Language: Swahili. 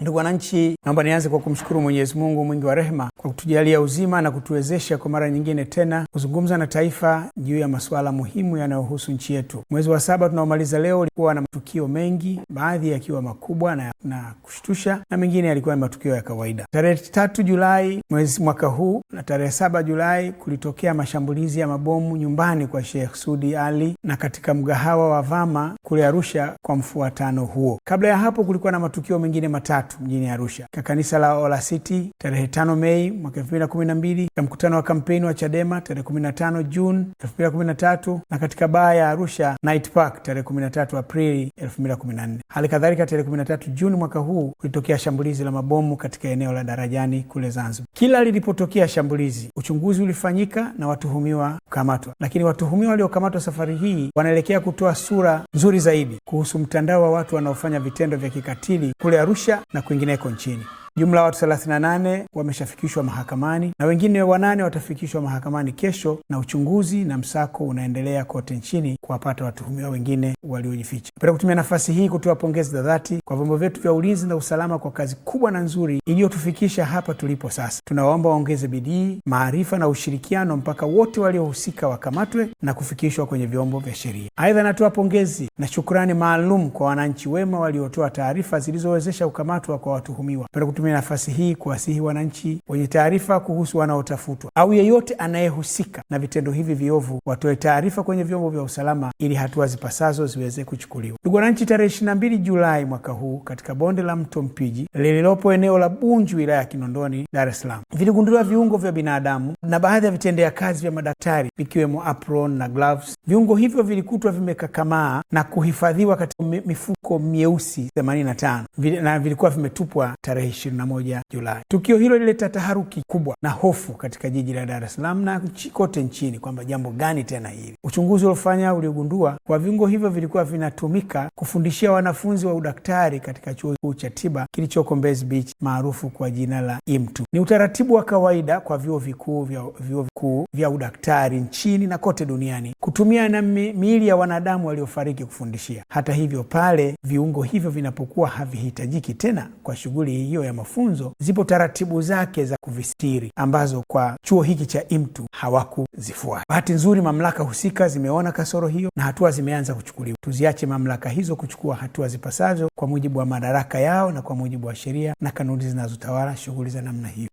Ndugu wananchi, naomba nianze kwa kumshukuru Mwenyezi Mungu mwingi wa rehema kwa kutujalia uzima na kutuwezesha kwa mara nyingine tena kuzungumza na taifa juu ya masuala muhimu yanayohusu nchi yetu. Mwezi wa saba tunaomaliza leo ulikuwa na matukio mengi, baadhi yakiwa makubwa na, na kushtusha na mengine yalikuwa ni matukio ya kawaida. Tarehe tatu Julai mwezi mwaka huu na tarehe saba Julai kulitokea mashambulizi ya mabomu nyumbani kwa Sheikh Sudi Ali na katika mgahawa wa Vama kule Arusha kwa mfuatano huo. Kabla ya hapo kulikuwa na matukio mengine matatu tatu mjini Arusha katika kanisa la City tarehe 5 Mei mwaka mbili, katika mkutano wa kampeni wa Chadema tarehe 15 Juni 2013, na katika baa ya Arusha Night Park tarehe 13 Aprili nne. Hali kadhalika tarehe 13 Juni mwaka huu kulitokea shambulizi la mabomu katika eneo la Darajani kule Zanzibar. Kila lilipotokea shambulizi, uchunguzi ulifanyika na watuhumiwa kukamatwa, lakini watuhumiwa waliokamatwa safari hii wanaelekea kutoa sura nzuri zaidi kuhusu mtandao wa watu wanaofanya vitendo vya kikatili kule Arusha na na kwingineko nchini. Jumla watu 38 wameshafikishwa mahakamani na wengine wanane watafikishwa mahakamani kesho, na uchunguzi na msako unaendelea kote nchini kuwapata watuhumiwa wengine waliojificha. Napenda kutumia nafasi hii kutoa pongezi za dhati kwa vyombo vyetu vya ulinzi na usalama kwa kazi kubwa na nzuri iliyotufikisha hapa tulipo sasa. Tunawaomba waongeze bidii, maarifa na ushirikiano mpaka wote waliohusika wakamatwe na kufikishwa kwenye vyombo vya sheria. Aidha, natoa pongezi na shukrani maalum kwa wananchi wema waliotoa taarifa zilizowezesha ukamatwa kwa watuhumiwa. Napenda kutumia nafasi hii kuwasihi wananchi wenye taarifa kuhusu wanaotafutwa au yeyote anayehusika na vitendo hivi viovu watoe taarifa kwenye vyombo vya usalama ili hatua zipasazo ziweze kuchukuliwa kuchukuliwa. Ndugu wananchi, tarehe 22 Julai mwaka huu katika bonde la mto Mpiji lililopo eneo la Bunju wilaya ya Kinondoni, Dar es Salaam, viligunduliwa viungo vya binadamu na baadhi ya vitendea kazi vya madaktari vikiwemo apron na gloves. Viungo hivyo vilikutwa vimekakamaa na kuhifadhiwa katika mifuko myeusi 85 na vilikuwa vimetupwa tarehe 21 Julai. Tukio hilo lileta taharuki kubwa na hofu katika jiji la Dar es Salaam na kote nchini kwamba jambo gani tena hili. Uchunguzi uliofanya uliogundua kwa viungo hivyo vilikuwa vinatumika kutumika kufundishia wanafunzi wa udaktari katika chuo kikuu cha tiba kilichoko Mbezi Beach maarufu kwa jina la IMTU. Ni utaratibu wa kawaida kwa vyuo vikuu vya vyuo vikuu vya udaktari nchini na kote duniani kutumia na miili ya wanadamu waliofariki kufundishia. Hata hivyo, pale viungo hivyo vinapokuwa havihitajiki tena kwa shughuli hiyo ya mafunzo, zipo taratibu zake za kuvistiri ambazo kwa chuo hiki cha IMTU hawakuzifuata. Bahati nzuri, mamlaka husika zimeona kasoro hiyo na hatua zimeanza kuchukuliwa. Tuziache mamlaka hizo kuchukua hatua zipasavyo kwa mujibu wa madaraka yao na kwa mujibu wa sheria na kanuni zinazotawala shughuli za namna hiyo.